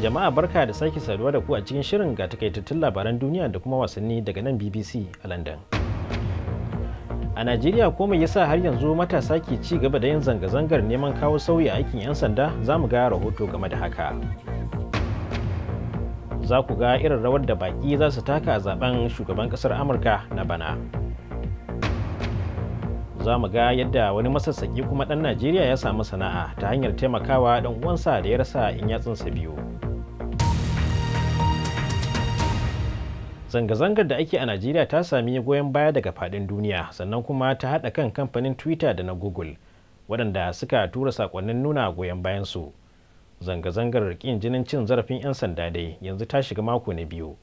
jama'a barka da sake saduwa da ku a cikin shirin ga takaitattun labaran duniya da kuma wasanni daga nan bbc a london A Najeriya ko ya sa har yanzu matasa ke ci gaba da yin zanga-zangar neman kawo sauyi a aikin 'yan sanda za mu ga rahoto game da haka. Za ku ga irin rawar da baƙi za su taka a zaben shugaban ƙasar Amurka na bana. Za mu ga yadda wani masassaki kuma ɗan Najeriya ya samu sana'a ta hanyar taimakawa ɗan uwansa da ya rasa in yatsunsa biyu. zanga-zangar da ake a najeriya ta sami goyon baya daga fadin duniya sannan kuma ta haɗa kan kamfanin twitter da na google waɗanda suka tura sakonnin nuna goyon bayansu zanga-zangar ƙin jinin cin zarafin 'yan sanda dai yanzu ta shiga mako na biyu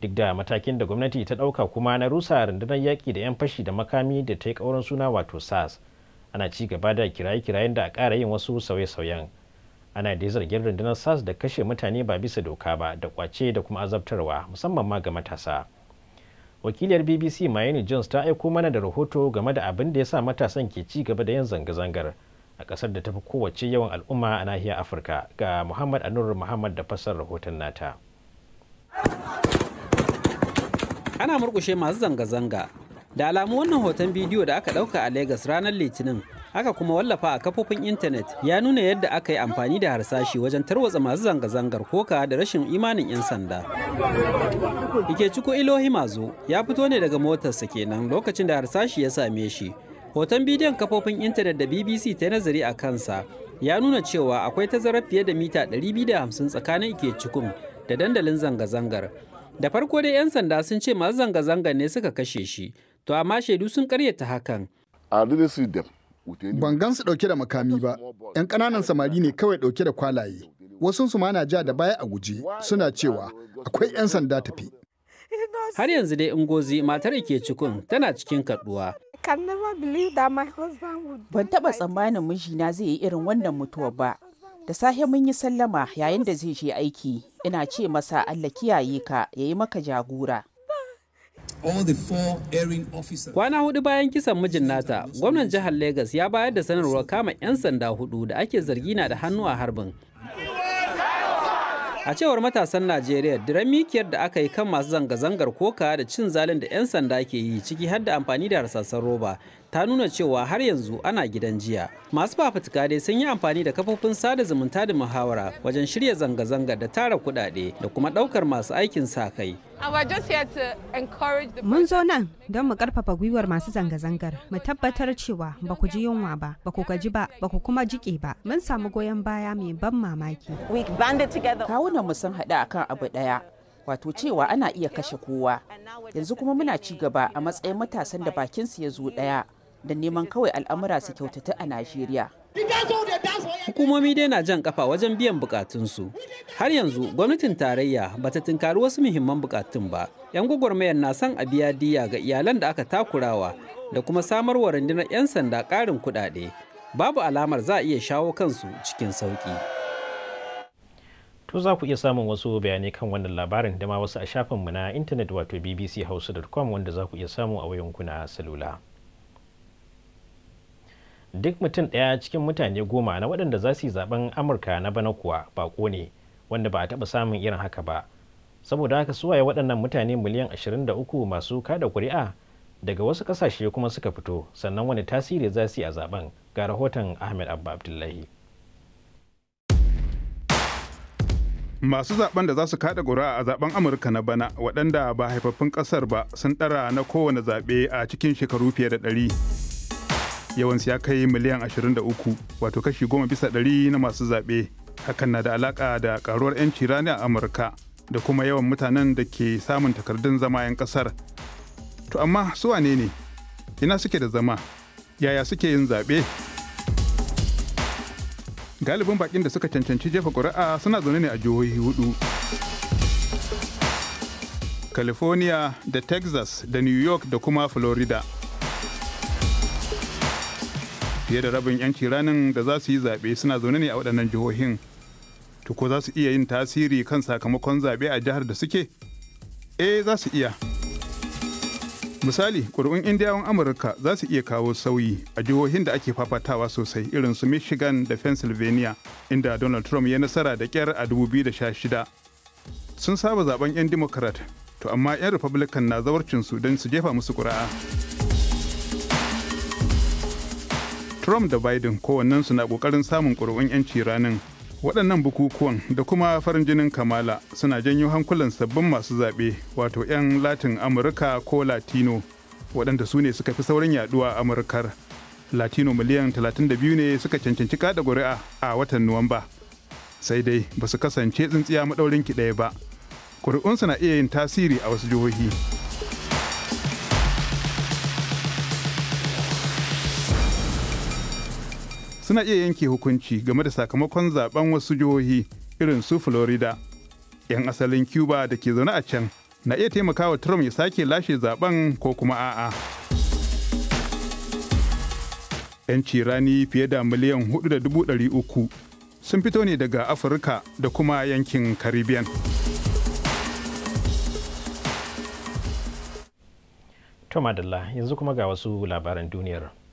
duk da matakin da gwamnati ta ɗauka kuma na rusa rundunar yaƙi da 'yan fashi da makami da ta yi ƙaurin suna wato sas ana ci gaba da kiraye-kirayen da a ƙara yin wasu sauye-sauyen ana da zargin rundunar sas da kashe mutane ba bisa doka ba da kwace da kuma azabtarwa musamman ma ga matasa wakiliyar bbc mayeni jones ta aiko mana da rahoto game da abin da ya sa matasan ke ci gaba da yin zanga-zangar a kasar da tafi kowace yawan al'umma a nahiyar afirka ga muhammad anur muhammad da fassar rahoton nata ana murkushe masu zanga-zanga da alamu wannan hoton bidiyo da aka dauka a lagos ranar litinin Haka kuma wallafa a kafofin intanet ya nuna yadda aka yi amfani da harsashi wajen tarwatsa masu zanga-zangar koka da rashin imanin 'yan sanda. ike Ikechukwu Ilohi mazu ya fito ne daga motarsa kenan lokacin da harsashi ya same shi. Hoton bidiyon kafofin intanet da BBC ta nazari a kansa ya nuna cewa akwai tazarar fiye da mita 250 tsakanin ike cikun da dandalin zanga-zangar. Da farko dai 'yan sanda sun ce masu zanga-zangar ne suka kashe shi, to amma shaidu sun karyata hakan. I didn't see Ban gansu su ɗauke da makami ba, 'yan ƙananan samari ne kawai ɗauke da kwalaye. Wasunsu ma na ja da baya a guje suna cewa akwai 'yan sanda tafi. Har yanzu dai Ingozi matar ke cikin tana cikin karbuwa. Ban taɓa tsammanin mijina zai yi irin wannan mutuwar ba. Da safe mun yi sallama yayin da zai je aiki, ina ce masa Allah kiyaye ka, ya yi maka jagora. Kwana hudu bayan kisan mijin nata, gwamnan jihar Legas ya bayar da sanarwar kama 'yan sanda hudu da ake zargi na da hannu a harbin. A cewar matasan Najeriya, diran mikiyar da aka yi kan masu zanga-zangar koka da cin zalin da 'yan sanda ke yi ciki har da amfani da harsassan roba ta nuna cewa har yanzu ana gidan jiya masu fafutuka dai sun yi amfani da kafofin sada zumunta da muhawara wajen shirya zanga-zanga da tara kuɗaɗe da kuma ɗaukar masu aikin sa kai Mun zo nan don mu karfafa gwiwar masu zanga-zangar, mu tabbatar cewa ba ku ji yunwa ba, ba ku gaji ba, ba ku kuma jike ba. Mun samu goyon baya mai ban mamaki. Kawunan mu sun haɗu akan abu ɗaya, wato cewa ana iya kashe kowa. Yanzu kuma muna ci gaba a matsayin matasan da bakinsu ya zo ɗaya. da neman kawai al'amura su kyautata a Najeriya. Hukumomi dai na jan kafa wajen biyan bukatunsu. Har yanzu gwamnatin tarayya ba ta tinkari wasu muhimman bukatun ba. 'Yan gwagwarmayar na son a biya diya ga iyalan da aka takurawa da kuma samar wa rundunar 'yan sanda ƙarin kuɗaɗe. Babu alamar za a iya shawo kansu cikin sauki To za ku iya samun wasu bayanai kan wannan labarin da ma wasu a shafinmu na intanet wato bbc bbchausa.com wanda za ku iya samu a wayanku na salula. duk mutum ɗaya cikin mutane goma na waɗanda za su yi zaben amurka na bana kuwa ba ne wanda ba a taɓa samun irin haka ba saboda haka suwaye waɗannan mutane miliyan 23 masu kada ƙuri'a daga wasu ƙasashe kuma suka fito sannan wani tasiri za su yi a zaben ga rahoton ahmed abba abdullahi masu zaben da za su kada ƙuri'a a zaben amurka na bana waɗanda ba haifaffun ƙasar ba sun ɗara na kowane zaɓe a cikin shekaru fiye da ɗari. yawansu ya kai miliyan 23 wato kashi goma bisa ɗari na masu zaɓe hakan na da alaƙa da ƙaruwar 'yanci rani a amurka da kuma yawan mutanen da ke samun takardun zama 'yan ƙasar to amma su wane ne ina suke da zama yaya suke yin zaɓe galibin bakin da suka cancanci jefa ƙuri'a suna zaune ne a jihohi hudu california da texas da new york da kuma florida fiye da rabin 'yanci ranin da za su yi zaɓe suna zaune ne a waɗannan jihohin tuko za su iya yin tasiri kan sakamakon zaɓe a jihar da suke eh za su iya misali ƙuri'un indiyawan amurka za su iya kawo sauyi a jihohin da ake fafatawa sosai irin su michigan da pennsylvania inda donald trump ya nasara da ƙyar a 2016 sun saba zaben 'yan democrat to amma 'yan republican na zawarcinsu don su jefa musu ƙuri'a. Trump da Biden kowannensu na kokarin samun ƙuri'un 'yanci ranin. Waɗannan bukukuwan da kuma farin jinin Kamala suna janyo hankulan sabbin masu zaɓe wato 'yan Latin Amurka ko Latino waɗanda su ne suka fi saurin yaɗuwa a Amurkar. Latino miliyan 32 ne suka cancanci kada ƙuri'a a watan Nuwamba. Sai dai ba su kasance tsintsiya maɗaurin ki ɗaya ba. Ƙuri'unsu na iya yin tasiri a wasu jihohi. suna iya yanke hukunci game da sakamakon zaben wasu jihohi irin su Florida. 'Yan asalin Cuba da ke zaune a can na iya taimakawa Trump ya sake lashe zaben ko kuma a'a. 'Yan cirani fiye da miliyan 4,300 sun fito ne daga Afirka da kuma yankin Caribbean. To madalla yanzu kuma ga wasu labaran duniyar.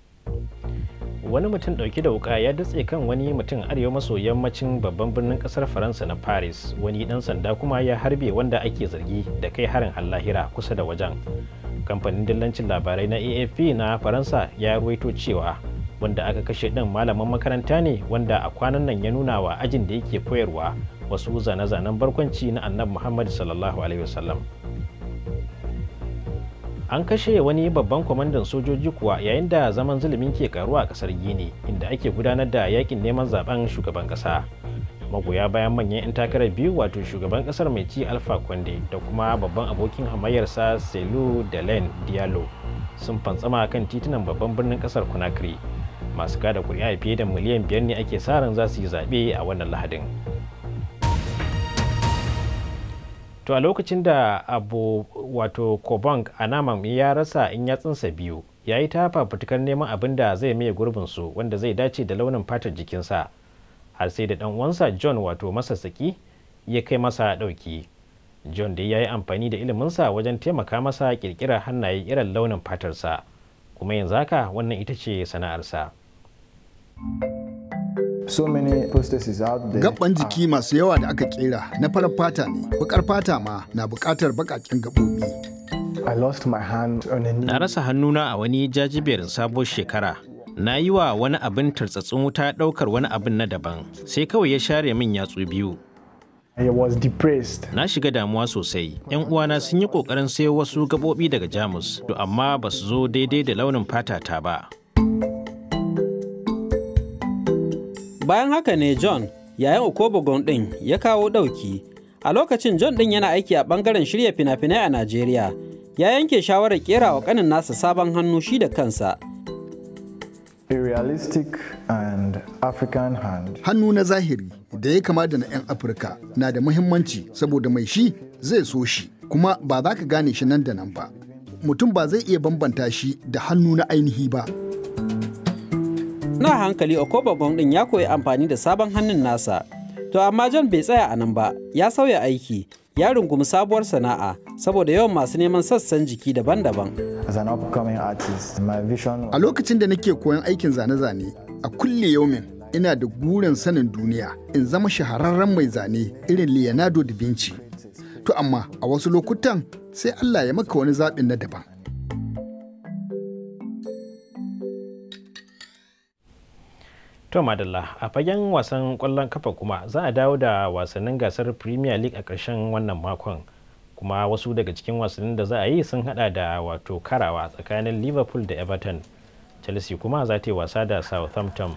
wani mutum dauke da wuka ya datse kan wani mutum arewa maso yammacin babban birnin kasar faransa na paris wani dan sanda kuma ya harbe wanda ake zargi da kai harin allahira kusa da wajen kamfanin dillancin labarai na afp na faransa ya ruwaito cewa wanda aka kashe din malaman makaranta ne wanda a kwanan nan ya nuna wa ajin da yake koyarwa wasu zane-zanen barkwanci na annabi muhammad sallallahu alaihi wasallam an kashe wani babban kwamandan sojoji kuwa yayin da zaman zulumin ke karuwa a kasar gini inda ake gudanar da yakin neman zaben shugaban kasa magoya bayan manyan 'yan takarar biyu wato shugaban kasar mai ci alfa kwande da kuma babban abokin hamayyarsa selu len diallo sun fantsama kan titunan babban birnin kasar kunakri masu kada kuri'a fiye da miliyan biyar ne ake sa ran za su yi zaɓe a wannan lahadin to a lokacin da abu wato kobong anamam ya rasa in ya tsinsa biyu ya yi ta fafutukar neman abin da zai maye su wanda zai dace da launin fatar jikinsa har sai da dan uwansa john wato masassaki ya kai masa ɗauki john dai ya yi amfani da iliminsa wajen taimaka masa kirkirar hannaye irin launin fatarsa kuma yanzu haka wannan ita ce sana'arsa. thank so many prostheses out there. Gaban jiki masu yawa da aka kera na farar fata ne, bakar fata ma na bukatar bakaken gabobi. I lost my hand on a Na rasa hannuna a wani jajibiyar sabuwar shekara. Na yi wa wani abin tartsatsin wuta ɗaukar wani abin na daban, sai kawai ya share min yatsu biyu. I was depressed. Na shiga damuwa sosai. ‘Yan uwana sun yi ƙoƙarin sayo wasu gaɓoɓi daga Jamus, to amma ba su zo daidai da launin fata ba. bayan haka ne john yayin okobogon ɗin ya kawo dauki a lokacin john din yana aiki a bangaren shirya fina-finai a najeriya ya yanke shawarar kera wa kanin nasa sabon hannu shi da kansa hannu na zahiri da ya kama da na 'yan afirka na da muhimmanci saboda mai shi zai so shi kuma ba za ka gane shi nan da nan ba mutum ba zai iya bambanta shi da hannu na ainihi ba. na hankali okobabon ɗin ya koyi amfani da sabon hannun nasa to amma john bai tsaya a nan ba ya sauya aiki ya rungumi sabuwar sana'a saboda yawan masu neman sassan jiki daban-daban. A lokacin da nake koyon aikin zane-zane, a kulle yaumin ina da gurin sanin duniya in zama shahararren mai zane irin Leonardo da Vinci. To amma a wasu lokutan sai Allah ya maka wani zaɓin na daban. to madalla a fagen wasan kwallon kafa kuma za a dawo da wasannin gasar premier league a karshen wannan makon kuma wasu daga cikin wasannin da za a yi sun hada da wato karawa tsakanin liverpool da everton chelsea kuma za ta yi wasa da southampton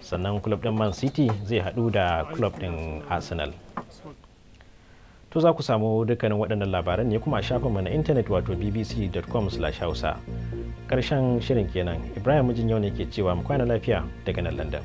sannan club din man city zai hadu da club din arsenal to za ku samu dukkanin waɗannan labaran ne kuma a shafinmu na intanet wato bbc.com/hausa karshen shirin kenan ibrahim mijin yau ne ke cewa mu kwana lafiya daga nan london